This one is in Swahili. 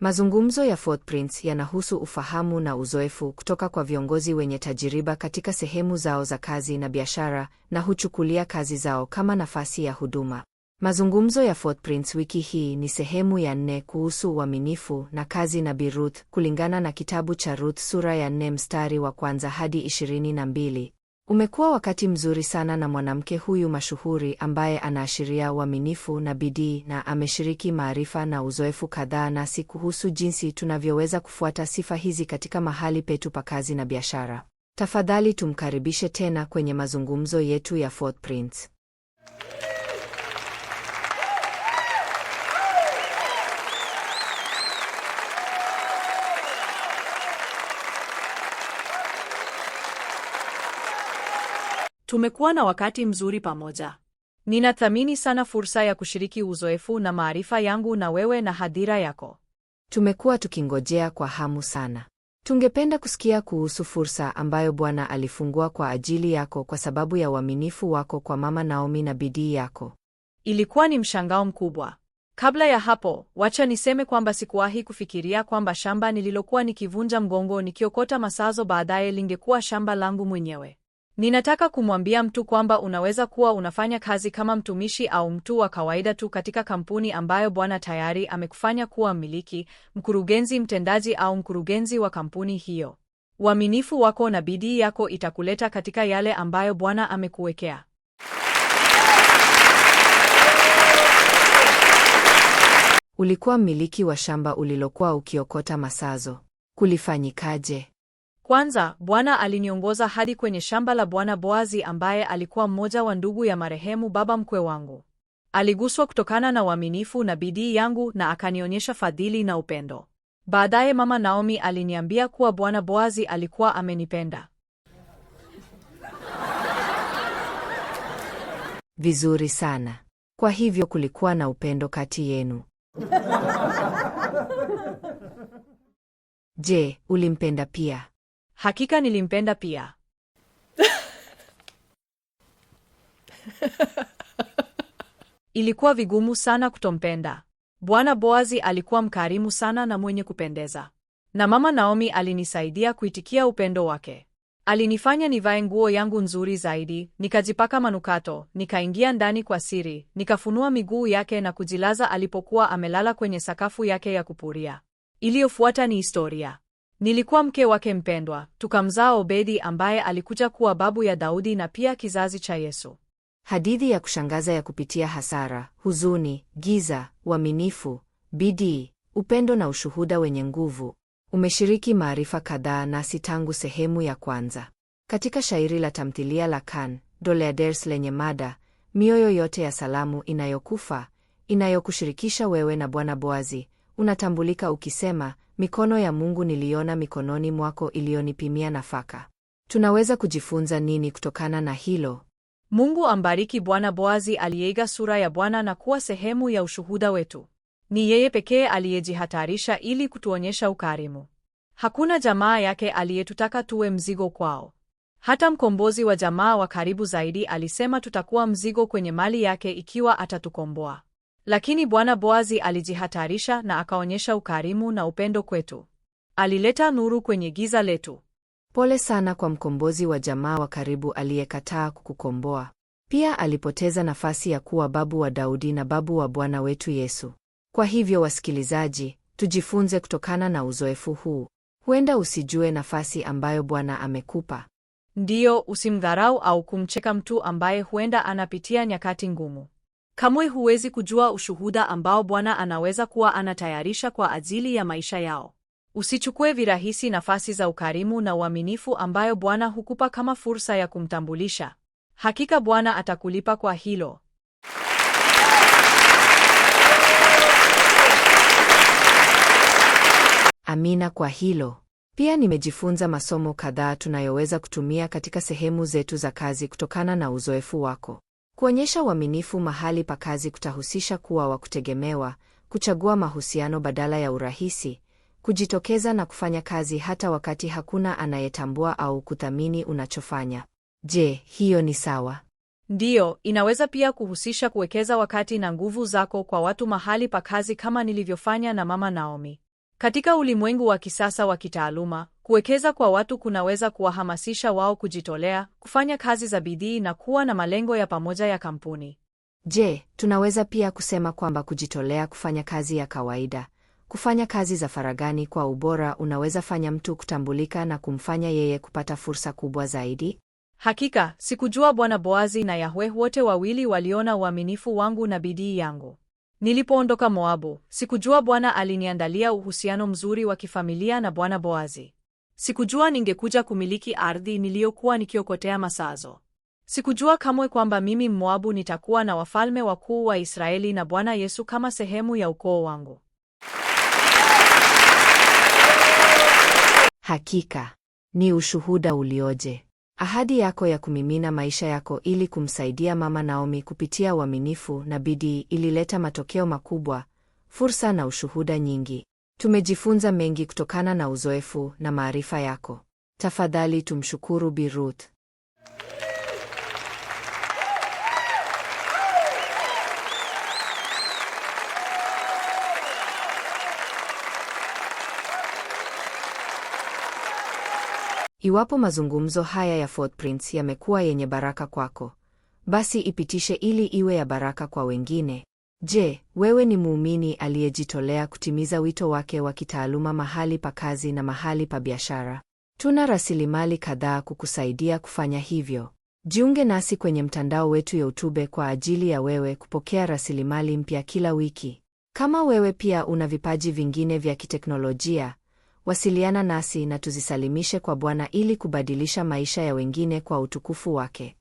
Mazungumzo ya Footprints yanahusu ufahamu na uzoefu kutoka kwa viongozi wenye tajiriba katika sehemu zao za kazi na biashara na huchukulia kazi zao kama nafasi ya huduma. Mazungumzo ya Footprints wiki hii ni sehemu ya nne kuhusu uaminifu na kazi na Bi Ruth kulingana na kitabu cha Ruth sura ya nne mstari wa kwanza hadi ishirini na mbili. Umekuwa wakati mzuri sana na mwanamke huyu mashuhuri ambaye anaashiria uaminifu na bidii na ameshiriki maarifa na uzoefu kadhaa nasi kuhusu jinsi tunavyoweza kufuata sifa hizi katika mahali petu pa kazi na biashara. Tafadhali tumkaribishe tena kwenye mazungumzo yetu ya Footprints. Tumekuwa na wakati mzuri pamoja. Ninathamini sana fursa ya kushiriki uzoefu na maarifa yangu na wewe na hadhira yako. Tumekuwa tukingojea kwa hamu sana. Tungependa kusikia kuhusu fursa ambayo Bwana alifungua kwa ajili yako kwa sababu ya uaminifu wako kwa Mama Naomi na bidii yako. Ilikuwa ni mshangao mkubwa. Kabla ya hapo, wacha niseme kwamba sikuwahi kufikiria kwamba shamba nililokuwa nikivunja mgongo nikiokota masazo baadaye lingekuwa shamba langu mwenyewe. Ninataka kumwambia mtu kwamba unaweza kuwa unafanya kazi kama mtumishi au mtu wa kawaida tu katika kampuni ambayo bwana tayari amekufanya kuwa mmiliki, mkurugenzi mtendaji au mkurugenzi wa kampuni hiyo. Uaminifu wako na bidii yako itakuleta katika yale ambayo Bwana amekuwekea. Ulikuwa mmiliki wa shamba ulilokuwa ukiokota masazo. Kulifanyikaje? Kwanza, Bwana aliniongoza hadi kwenye shamba la Bwana Boazi ambaye alikuwa mmoja wa ndugu ya marehemu baba mkwe wangu. Aliguswa kutokana na uaminifu na bidii yangu na akanionyesha fadhili na upendo. Baadaye mama Naomi aliniambia kuwa Bwana Boazi alikuwa amenipenda. Vizuri sana. Kwa hivyo kulikuwa na upendo kati yenu. Je, ulimpenda pia? Hakika nilimpenda pia. Ilikuwa vigumu sana kutompenda. Bwana Boazi alikuwa mkarimu sana na mwenye kupendeza, na mama Naomi alinisaidia kuitikia upendo wake. Alinifanya nivae nguo yangu nzuri zaidi, nikajipaka manukato, nikaingia ndani kwa siri, nikafunua miguu yake na kujilaza alipokuwa amelala kwenye sakafu yake ya kupuria. Iliyofuata ni historia. Nilikuwa mke wake mpendwa, tukamzaa Obedi ambaye alikuja kuwa babu ya Daudi na pia kizazi cha Yesu. Hadithi ya kushangaza ya kupitia hasara, huzuni, giza, uaminifu, bidii, upendo na ushuhuda wenye nguvu. Umeshiriki maarifa kadhaa nasi tangu sehemu ya kwanza. Katika shairi la tamthilia la Kan Doleaders lenye mada mioyo yote ya salamu inayokufa inayokushirikisha wewe na Bwana Boazi, unatambulika ukisema Mikono ya Mungu niliona mikononi mwako iliyonipimia nafaka. Tunaweza kujifunza nini kutokana na hilo? Mungu ambariki Bwana Boazi aliyeiga sura ya Bwana na kuwa sehemu ya ushuhuda wetu. Ni yeye pekee aliyejihatarisha ili kutuonyesha ukarimu. Hakuna jamaa yake aliyetutaka tuwe mzigo kwao. Hata mkombozi wa jamaa wa karibu zaidi alisema tutakuwa mzigo kwenye mali yake ikiwa atatukomboa. Lakini Bwana Boazi alijihatarisha na akaonyesha ukarimu na upendo kwetu. Alileta nuru kwenye giza letu. Pole sana kwa mkombozi wa jamaa wa karibu aliyekataa kukukomboa. Pia alipoteza nafasi ya kuwa babu wa Daudi na babu wa Bwana wetu Yesu. Kwa hivyo, wasikilizaji, tujifunze kutokana na uzoefu huu. Huenda usijue nafasi ambayo Bwana amekupa. Ndiyo, usimdharau au kumcheka mtu ambaye huenda anapitia nyakati ngumu. Kamwe huwezi kujua ushuhuda ambao Bwana anaweza kuwa anatayarisha kwa ajili ya maisha yao. Usichukue virahisi nafasi za ukarimu na uaminifu ambayo Bwana hukupa kama fursa ya kumtambulisha. Hakika Bwana atakulipa kwa hilo. Amina kwa hilo. Pia nimejifunza masomo kadhaa tunayoweza kutumia katika sehemu zetu za kazi kutokana na uzoefu wako. Kuonyesha uaminifu mahali pa kazi kutahusisha kuwa wa kutegemewa, kuchagua mahusiano badala ya urahisi, kujitokeza na kufanya kazi hata wakati hakuna anayetambua au kuthamini unachofanya. Je, hiyo ni sawa? Ndiyo, inaweza pia kuhusisha kuwekeza wakati na nguvu zako kwa watu mahali pa kazi kama nilivyofanya na Mama Naomi. Katika ulimwengu wa kisasa wa kitaaluma, Kuwekeza kwa watu kunaweza kuwahamasisha wao kujitolea, kufanya kazi za bidii na kuwa na malengo ya pamoja ya kampuni. Je, tunaweza pia kusema kwamba kujitolea kufanya kazi ya kawaida, kufanya kazi za faragani kwa ubora unaweza fanya mtu kutambulika na kumfanya yeye kupata fursa kubwa zaidi? Hakika, sikujua Bwana Boazi na Yahwe wote wawili waliona uaminifu wangu na bidii yangu. Nilipoondoka Moabu, sikujua Bwana aliniandalia uhusiano mzuri wa kifamilia na Bwana Boazi. Sikujua ningekuja kumiliki ardhi niliyokuwa nikiokotea masazo. Sikujua kamwe kwamba mimi Mmoabu nitakuwa na wafalme wakuu wa Israeli na Bwana Yesu kama sehemu ya ukoo wangu. Hakika ni ushuhuda ulioje! Ahadi yako ya kumimina maisha yako ili kumsaidia Mama Naomi kupitia uaminifu na bidii ilileta matokeo makubwa, fursa na ushuhuda nyingi. Tumejifunza mengi kutokana na uzoefu na maarifa yako. Tafadhali tumshukuru Bi Ruth. Iwapo mazungumzo haya ya Footprints yamekuwa yenye baraka kwako, basi ipitishe ili iwe ya baraka kwa wengine. Je, wewe ni muumini aliyejitolea kutimiza wito wake wa kitaaluma mahali pa kazi na mahali pa biashara? Tuna rasilimali kadhaa kukusaidia kufanya hivyo. Jiunge nasi kwenye mtandao wetu YouTube kwa ajili ya wewe kupokea rasilimali mpya kila wiki. Kama wewe pia una vipaji vingine vya kiteknolojia, wasiliana nasi na tuzisalimishe kwa Bwana ili kubadilisha maisha ya wengine kwa utukufu wake.